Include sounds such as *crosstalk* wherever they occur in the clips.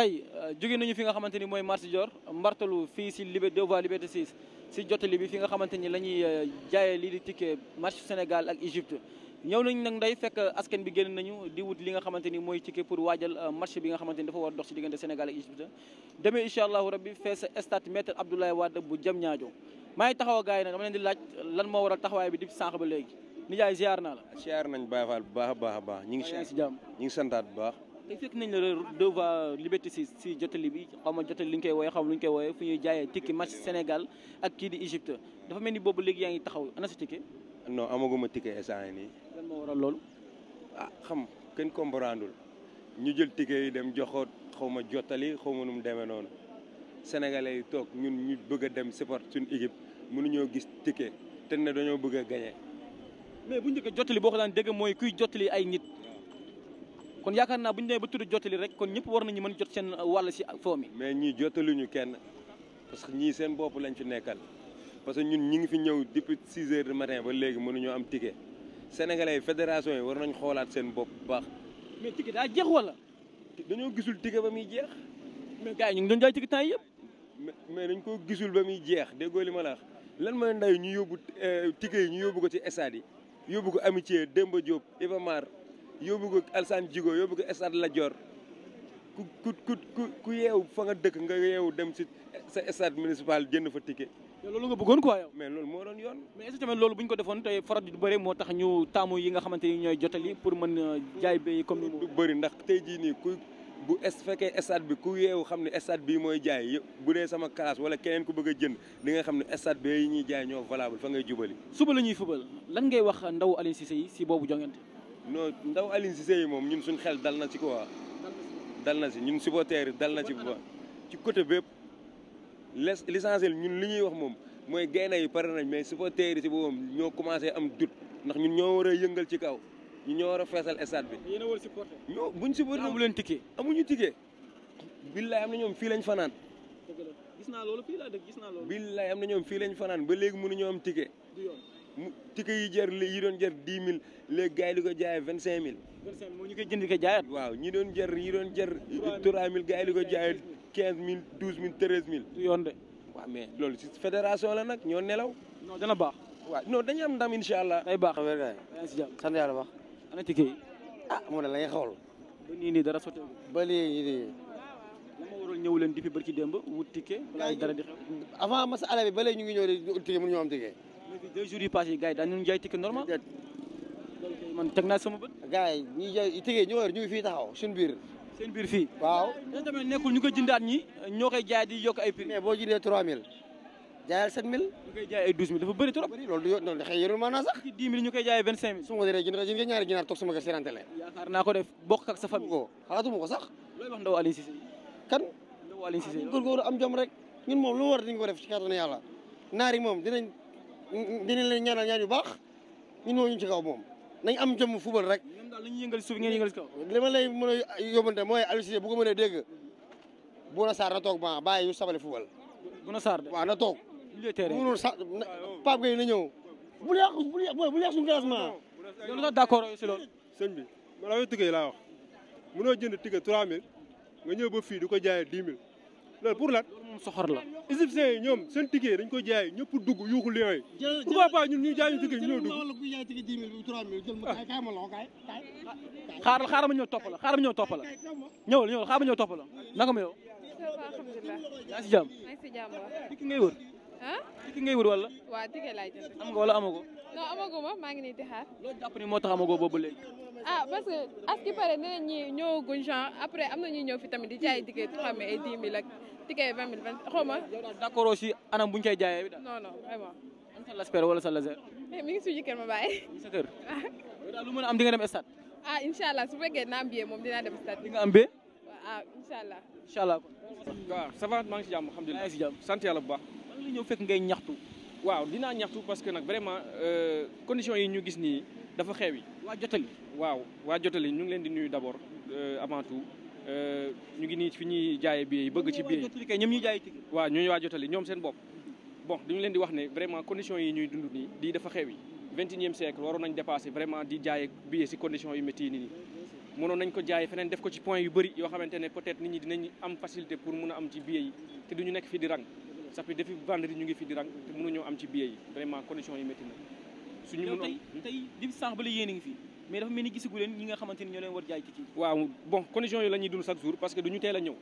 tey euh, jóge nañu fi nga xamante ni mooy marché Dior mbartalu fii si Liberté deux voies Liberté 6 si jotali bi fi nga xamante ni la ñuy euh, jaayee lii di ticket marché Sénégal ak Égypte ñëw nañ nag nday fekk askan bi génn nañu di wut li nga xamante ni mooy ticket pour waajal euh, match bi nga xamante ni dafa war dox ci diggante Sénégal ak Égypte demee incha allahu rabbi fees stade maître Abdoulaye Wade bu jëm ñaajo maa ngi taxaw a gars yi nag dama leen di laaj lan moo waral taxawaay bi di sànq ba léegi nijaay ziar a baax a te fekk nañ la deux voies liberté si si jotali bi xaw ma jotali li ñu koy wooye xaw ma koy woye fu ñuy jaayee tikki match Sénégal ak kii di Égypte dafa mel ni boobu léegi yaa ngi taxaw ana sa ticket. non amaguma ticket instant yii nii. lan moo waral loolu. ah xam kenn comprendul ñu jël ticket yi dem joxoot xaw ma jotali xaw ma nu mu demee noonu sénégalais yi toog ñun ñu bëgg a dem support suñu équipe mënuñoo gis ticket te ne dañoo bëgg a gagné. bu njëkk jotali boo ko daan dégg mooy kuy jotali ay nit. kon yaakaar naa bu ñu demee ba tudd jottali rek kon ñëpp war nañu mën jot seen wàll si foo mi mais ñii jottaluñu kenn parce que ñii seen bopp lañ fi nekkal parce que ñun ñu ngi fi ñëw depuis 6 heures du matin ba léegi mënuñoo am ticket sénégalais yi fédération yi war nañ xoolaat seen bopp bu baax. mais ticket daa jeex wala. dañoo gisul ticket ba muy jeex. mais gars yi ñu ngi doon jaay ticket temps yëpp. mais dañ koo gisul ba muy jeex déggoo li ma la wax lan mooy nday ñu yóbbu euh, ticket yi ñu yóbbu ko ci stade yi yóbbu ko amitié Demba Diop Iba Mar yóbbu ko alsaan Djigo yóbbu ko stade Lat Dior ku ku ku ku yeewu fa nga dëkk nga yeewu dem si sa stade municipal jënd fa ticket. loolu nga bëggoon ko yow. mais loolu moo doon yoon. mais est loolu bu ñu ko defoon tey farat bëri moo tax ñu taamu yi nga xamante ni ñooy jotali pour mën euh, jaay bay comme ni mu. bëri ndax tey jii nii ku bu est fekkee stade bi ku yeewu xam ne stade bii mooy jaay bu dee sama classe wala keneen ku bëgg a jënd di nga xam ne stade ñuy jaay ñoo valable fa ngay jubali. suba la ñuy fubal lan ngay wax ndaw Aliou si say si boobu jongante non ndaw Alioune Cissé yi moom ñun suñ xel dal na ci quoi. dal na si ñun supporters dal na ci bu baax ci côté bépp l'essentiel ñun li ñuy wax moom mooy gaynde yi pare nañ mais supporters yi si moom ñoo commencé am doute ndax ñun ñoo war a yëngal ci kaw ñu ñoo war a feesal stade bi. yéen a war supporter. ñoo buñ supporter amu leen ticket. amuñu ticket. billaay am na ñoom fii lañ fanaan. gis naa loolu fii gis naa loolu. billaay am na ñoom fii lañ fanaan ba léegi mënuñoo am ticket. mu ticket yi jar yi doon jar dix mille léegi gars yi di vingt cinq mille. vingt moo ñu koy jënd ko jaayaat. waaw ñi doon jër yi doon jar. trois mille gars yi di ko jaayee quinze mille douze mille treize mille. du yoon de. waaw mais loolu si fédération la nag ñoo nelaw. non dana baax. waaw non dañu am ndam incha allah. day baax affaire gars yi. si jàmm sant yàlla ana ticket yi. ah mu ne la ñuy xool. ba nii nii dara sotee ba nii nii. la ma waroon ñëw leen depuis barki démb wut ticket. balaa dara di xew. avant masa ala bi ba léegi ñu ngi ñëw di wut léegi deux jours yu passé gars yi daañu jaay ticket normal. man ay prix. mais boo bëri trop. loolu du loolu xëy yorul sax. ci 10 ñu koy jaayee 25000. su ma dee jënd jënd nga ñaari ginaar toog sama kër si rente la. naa ko def bokk ak sa famille. ko xalaatuma ko sax. looy wax ndaw kan naari moom dinañ leen ñaanal ñaan yu baax ñun moo ñu ci kaw moom nañ am jëmm fubal rek. ñoom daal li ñu yëngal li ma lay mën mooy Aliou Cissé bu ko mënee dégg Bouna Sarr na toog ban bàyyi yu sabali fubal. Bouna Sarr de waaw na toog. mënul sa Pape Gueye na ñëw. bu yàq bu yàq bu yàq suñu classement. loolu sax d'accord si loolu. sëñ bi ma la may tëggee laa wax mënoo jënd ticket 3000 nga ñëw ba fii di ko jaayee 10 000. loolu pour lan. loolu moom soxor la. égyptiens yi ñoom seen ticket dañ koy jaay ñëpp dugg yuuxu lion yi. jël pourquoi pas ñun ñu jaay ñu ticket ñu ñëw dugg. jël kuy jaay ticket 10 000 3 000 jël ma kaay ma loxo kaay ma ñëw topp la xaaral ma ñëw topp la ñëwal ñëwal xaaral ma ñëw topp la naka ma ah tike ngay wër wala waaw tike laay jënd am nga wala amago non amaguma maa ngi ni di xaar loolu ni moo tax amago boobu léegi ah parce que as ki pare nee ñi ñëwaguñ genre après am na ñuy ñëw fi tamit di jaay di xam ne ay 10 000 ak tike 20 000 20 xaw ma yow daal d'accord aussi anam buñ koy jaayee bi non non sa laspère wala sa laser eh, mi ngi suñu kër sa *laughs* ah. a am di nga dem stade ah inshallah su fekkee naa am billet moom dinaa dem stade di nga am billet ah inshallah inshallah waaw ça va maa ngi si jàmm alhamdulilah maa bu baax danga ñëw fekk ngay ñaxtu. waaw dinaa ñaxtu parce que nag vraiment euh, condition yi ñu gis nii dafa xew yi waa Jotali. waaw waa Jotali ñu ngi leen di nuyu d'abord euh, avant tout euh, ñu ngi nii fi ñuy jaayee billet yi bëgg ci billet yi. ñoom ñuy jaayee ticket. waaw ñooñu waa Jotali ñoom seen bopp. bon dañu leen di wax ne vraiment condition yi ñuy dund nii di dafa xew yi. vingt et siècle waroon nañ dépassé vraiment di jaayee billet si condition yu métti yi nii. mënoon nañ ko jaayee feneen def ko ci point yu bëri yoo xamante ne peut-être nit ñi dinañ am facilité pour mun a am ci billet yi te duñu nekk fii di rang ça fait depuis vendredi ñu ngi fi di rang te mënuñoo am ci billet yi vraiment condition yi métti na. suñu mënoon tey tey li sànq ba la yéen a ngi fi mais dafa mel ni gisagu leen ñi nga xamante ni ñoo leen war jaay ci kii. waaw bon condition yi la ñuy dund chaque jour parce que du ñu teel a ñëw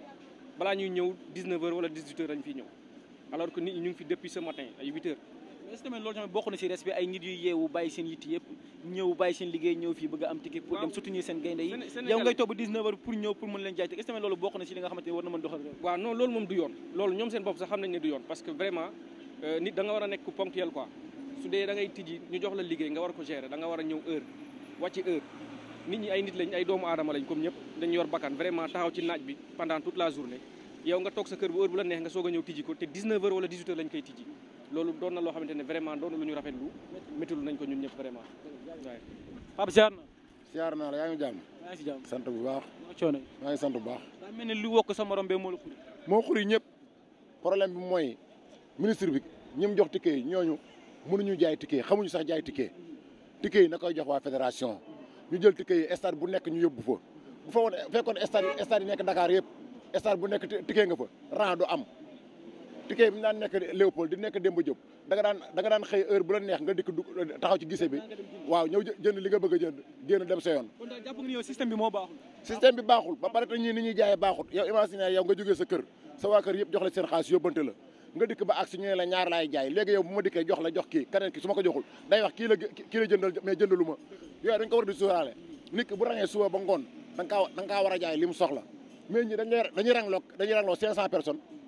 balaa ñuy ñëw 19h wala 18h lañ fiy ñëw alors que nit ñu ngi fi depuis ce matin ay 8h. est-ce que tamit loolu tamit bokk na si respect ay ñëw bàyyi seen liggéey ñëw fii bëgg a am ticket pour dem soutenir seen gaynde yi yow ngay toog ba 19 heures pour ñëw pour mën leen jaay ticket est loolu bokk na ci li nga euh, war a nekk ponctuel quoi su dee da tijji ñu jox la liggéey nga war ko gérer da war a ñëw heure wàcci heure nit ñi ay nit lañ ay doomu aadama lañ comme ñëpp dañu yor bakkan vraiment taxaw ci naaj bi pendant toute la journée yow nga toog sa kër bu heure bu la neex nga a ñëw na loo xamante ne vraiment doon na lu ñu rafetlu métti lu nañ ko ñun ñëpp vraiment Pape siyaar na. siyaar naa la yaa ngi jàmm. sant bu baax. maa ngi maa ngi sant bu baax. daa mel ni lu wokk sa morom moo la xuri. moo xuri ñëpp problème bi mooy ministre bi ñim jox ticket yi ñooñu mënuñu jaay ticket xamuñu sax jaay ticket ticket yi na koy jox waa fédération ñu jël ticket yi stade bu nekk ñu yóbbu fa. bu fa fekkoon stade yi stade yi nekk Dakar yëpp stade bu nekk ticket nga fa rang du am ticket bi mu daan nekk Léopold di nekk Demba Diop da nga daan da nga daan xëy heure bu la neex nga dikk du taxaw ci gise bi waaw ñëw jënd li nga bëgg a jënd génn dem sa yoon. kon daal jàpp nga ni yow système bi moo baaxul. système bi baaxul ba pare te ni ñuy jaayee baaxul yow imagine yow nga jógee sa kër sa waa kër yëpp jox la seen xaalis yóbbante la nga dikk ba ak si ñu ne la ñaar laay jaay léegi yow bu ma dikkee jox la jox kii keneen ki su ko joxul day wax la la jëndal mais dañ ko war di nit bu ba da nga da nga jaay soxla mais ñi dañuy dañuy 500 personnes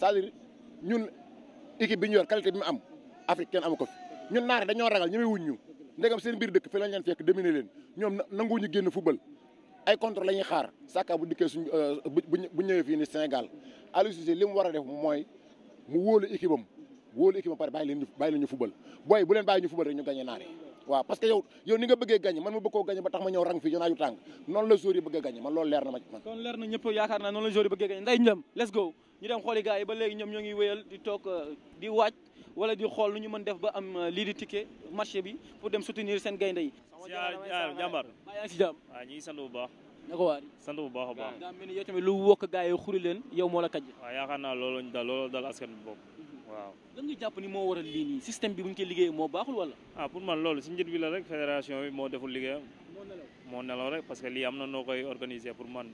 cest dire ñun équipe bi ñu yor qualité bi mu am Afrique kenn amu fi ñun naare dañoo ragal ñeme wuñ ñu ndegam seen biir dëkk fi lañ leen fekk dominer leen ñoom euh, war a def mooy mu wóolu équipe wóolu équipe pare bàyyi leen ñu bàyyi leen booy bu leen bàyyi ñu football rek ñu gagné naare waaw parce que yow yow nga bëggee gagné man ma bëggoo gagné ba tax ma ñëw rang fii jonaa ju tàng noonu la joueur yi bëggee gagné man loolu leer na ma man kon leer na ñëpp yaakaar ñu dem xooli gars yi ba léegi ñoom ñoo ngi wéyal di toog euh, di waaj wala di xool nu ñu mën def ba am euh, lii di ticket marché bi pour dem soutenir seen gaynde yi. jàmbaar baa yaa ngi si jàmm ñu ngi sant bu baax. na ko waari sant baax a baax. daa mel ni yow tamit lu wokk gars leen yow moo la kàjj. waaw yaakaar naa looloo ñu dal looloo daal askan bopp mhm. waaw. lan nga jàpp ni moo waral lii nii système bi bu ñu koy liggéeyee moo baaxul wala. ah pour man loolu si njët bi la rek fédération bi moo deful liggéeyam. moo nelaw rek parce que lii am na noo koy organiser pour man.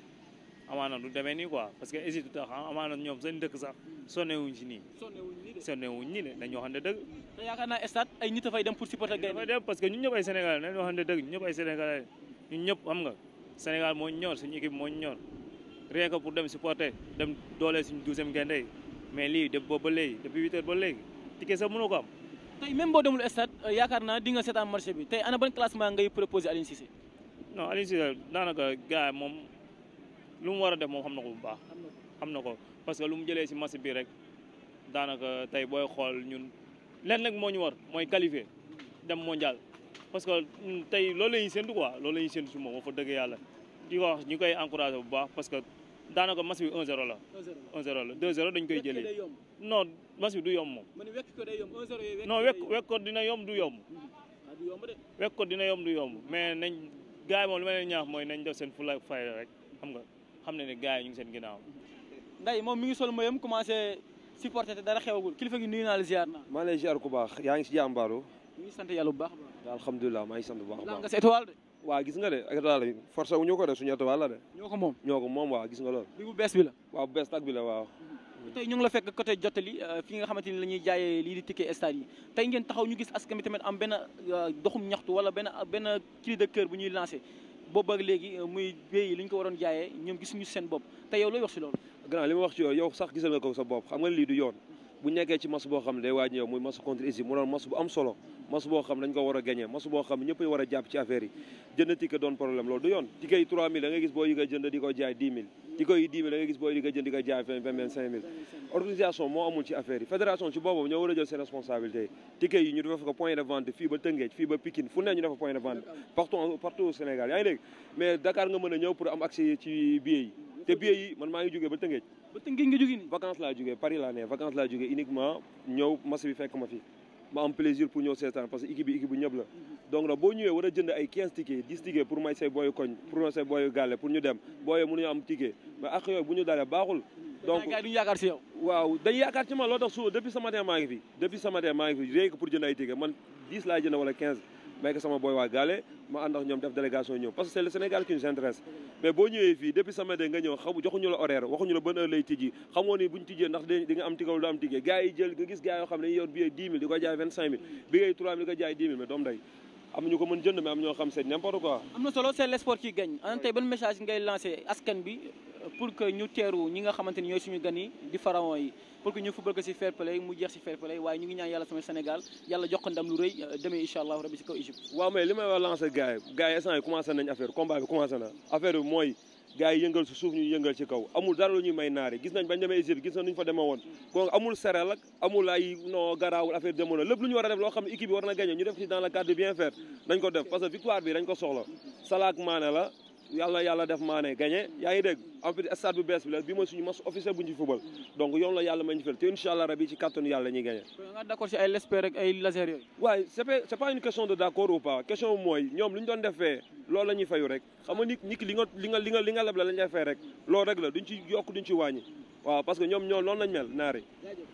amaana du demee nii quoi parce que Égypte tax amaana ñoom seen dëkk sax sonnewuñ si nii. sonnewuñ nii de sonnewuñ nii yaakaar naa stade ay nit dafay dem pour supporter gaynde. parce que ñun ñëpp ay Sénégalais dañu waxante dëgg ñun ñëpp ay Sénégalais ñun ñëpp xam nga Sénégal moo ñor suñu équipe moo ñor rien que dem supporter dem doole suñu douzième gaynde yi mais lii de boobu ba léegi depuis huit ba léegi ticket sax mënoo ko am. tey même boo demul stade euh, yaakaar naa di nga seetaan marché bi tey ana ban classement ngay proposé Aliou Cissé. non moom lu mu war a def moom xam na ko bu baax. xam na ko parce que lu mu jëlee si match bi rek daanaka tey booy xool ñun lenn nag moo ñu war mooy qualifier dem mondial. parce que tey loolu la ñuy séntu loolu la ñuy séntu si moom wax fa dëgg yàlla di ko wax ñu koy encouragé bu baax parce que daanaka match bi 1-0 la. 1-0 la 2-0 dañ koy jëlee. non match bi du yomb moom. man wekk ko day yomb 1-0 non wekk dina yomb du yomb. Mm-hmm. Ah, du dina yomb du yomb mais nañ gars yi moom li ma ñaax mooy nañ def seen fulla ak rek xam nga. xam ne ne gars yi ñu ngi seen ginnaaw nday moom mi ngi sol mbayam commencé supporté te dara xewagul kilifa gi nuyu naa la ziar maa lay ziar baax yaa ngi si jàmm Badou ñu ngi sant yàlla bu baax baax alhamdulilah maa ngi sant bu baax baax nga sa étoile de waaw gis nga de étoile yi ñu ko de suñu étoile la de ñoo ko moom ñoo ko moom waaw gis nga loolu bi bu bees bi la waaw bu bees tag bi la waaw tey ñu ngi la fekk côté jottali euh, fi nga xamante ni la ñuy lii di ticket stade yi tey ngeen taxaw ñu gis askan bi tamit am benn euh, doxum ñaxtu wala benn benn cri de bu ñuy lancé boobu ak léegi euh, muy béy li ñu ko waroon jaayee ñoom gisuñu seen bopp te yow looy wax si loolu. grand li ma wax ci yow yow sax gisal nga ko sa bopp xam nga lii du yoon bu nekkee ci mas boo xam ne waaj ñëw muy mas contre Égypte mu doon mas bu am solo mas boo xam dañ ko war a gagné mas boo xam ñëpp war a jàpp ci affaire yi jënd ticket doon problème loolu du yoon ticket yi 3000 gis boo yi ko jënd di ko jaay 10 000 ticket yi 10 000 da gis boo yi di ko jaay 20 ci affaire ñoo war a jël seen responsabilité ticket yi ñu dafa ko point de vente fii ba Tëngéej fii ba Pikine fu ne ñu dafa point de vente a ñëw pour am accès ba tënkee nga vacances la jógee Paris la né vacances la jógee uniquement ñew match bi fekk ma fi ma am plaisir pour ñew sétane parce que équipe bi équipe bu ñëpp la. donc nag bo ñëwee wara jënd ay 15 tickets 10 tickets pour may say booyu koñ pour say booyu galé pour ñu dem booyee mënuñu am ticket mais ak yoy bu ñu dalé baxul donc gars yi duñu yaakaar ci yow. waaw dañu yaakaar ci ma lo tax suba depuis ce matin ma ngi fi depuis ce matin ma ngi fi réeg pour jënd ay tickets man 10 la jënd wala 15 may ko sama booy waa gaale ma ànd ak ñoom def délégation ñëw parce que c'est le Sénégal qui nous intéresse mais boo ñëwee fii depuis samedi nga ñëw xamu joxuñu la horaire waxuñu la ban heure lay tijji xamoo ni buñ tijjee ndax di nga am tiggawul du am tiggee yi jël nga gis gars yoo xam ne dañuy yor billet di ko jaay di ko mais doom day am ñu ko mën jënd mais am ñoo xam c'est n'importe quoi am na solo c'est l'espoir qui gagne ana tey ban message ngay lancé xamante ni ñooy suñu gan di pharaon yi pour que ñu football ko ci fair mu jeex ci fair waaye ñu ngi ñaan yàlla sama Sénégal yàlla jox ndam lu rëy euh, demee incha allah rabbi ci kaw Égypte waaw mais li may wax lancer gars yi gars yi affaire combat na affaire bi mooy gars yëngal ci suuf ñu yëngal ci kaw amul dara lu ñuy may naari gis nañ bañ demee Égypte gis nañ ñu fa demee woon donc amul sereel ak amul ay non garaawul affaire demoon lépp lu ñu war def loo xam ne bi yàlla yàlla def maane gagné yaa ngi dégg en plus stade bu bees bi la bi mooy suñu match officiel bu ñu football donc yoon la yàlla may ñu fël te incha allah rabi ci kàttanu yàlla ñuy gagné. nga waaye c'est pas une question de d'accord ou pas question mooy ñoom lu ñu doon defee loolu la ñuy rek xam nga li nga li nga li la lañ lay rek loolu rek la duñ ci yokk duñ ci wàññi. waaw parce que ñoom ñoo loolu nañ mel naari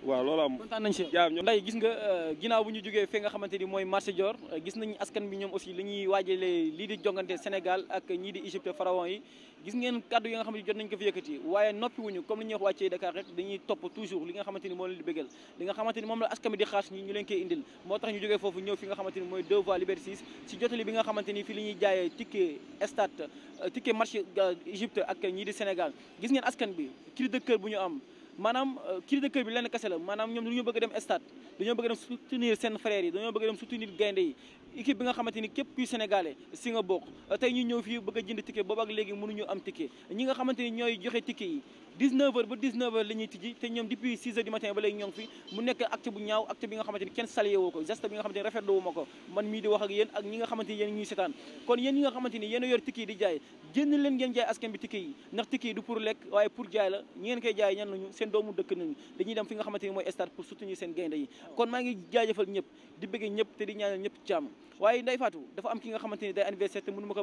waaw loolu am kontaan ñoom nday gis nga euh, ginnaaw bu ñu jógee fi nga xamante ni mooy marché Dior euh, gis nañu askan bi ñoom aussi li ñuy waajalee lii di jongante Sénégal ak ñii di Égypte pharaon yi gis ngeen kàddu yi nga xamante ni jot nañ ko fi yëkkati waaye noppi wuñu comme li ñuy wax wàccee Dakar rek dañuy topp toujours li nga xamante ni di bëggal li nga xamante ni moom bi di xaar mooy deux voies Liberté si jotali bi nga xamante ni fii la ñuy jaayee ticket stade euh, ticket match euh, Égypte ak ñii di Sénégal gis ngeen askan bi cri de bu ñu am maanaam euh, cri de cœur bi lenn kese la maanaam ñoom dañoo bëgg dem stade dañoo bëgg dem soutenir seen frères yi dañoo bëgg dem soutenir gaynde équipe bi nga xamante ni képp kuy sénégalais si nga bokk tey ñu ñëw fii bëgg a jënd ticket boobu ak léegi mënuñu am ticket ñi nga xamante ni ñooy joxe ticket yi 19 heures ba 19 heures la ñuy tijji te ñoom depuis 6 heures du matin ba léegi fi mu nekk acte bu ñaaw acte bi nga xamante kenn salué woo ko geste bi nga xamante ni doomu ma ko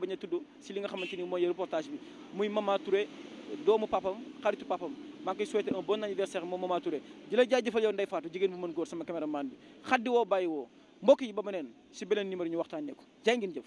bañ a tudd si li nga xamante mooy reportage bi muy Mama doomu papam xaritu surtout papam maa ngi koy souhaité un bon anniversaire moom Mama Touré di la jaajëfal yow Ndeye Fatou jigéen bu mën góor sama caméraman bi xaddi woo bàyyi woo mbokk yi ba ma neen si beneen numéro ñu waxtaanee ko jaay ngeen jëf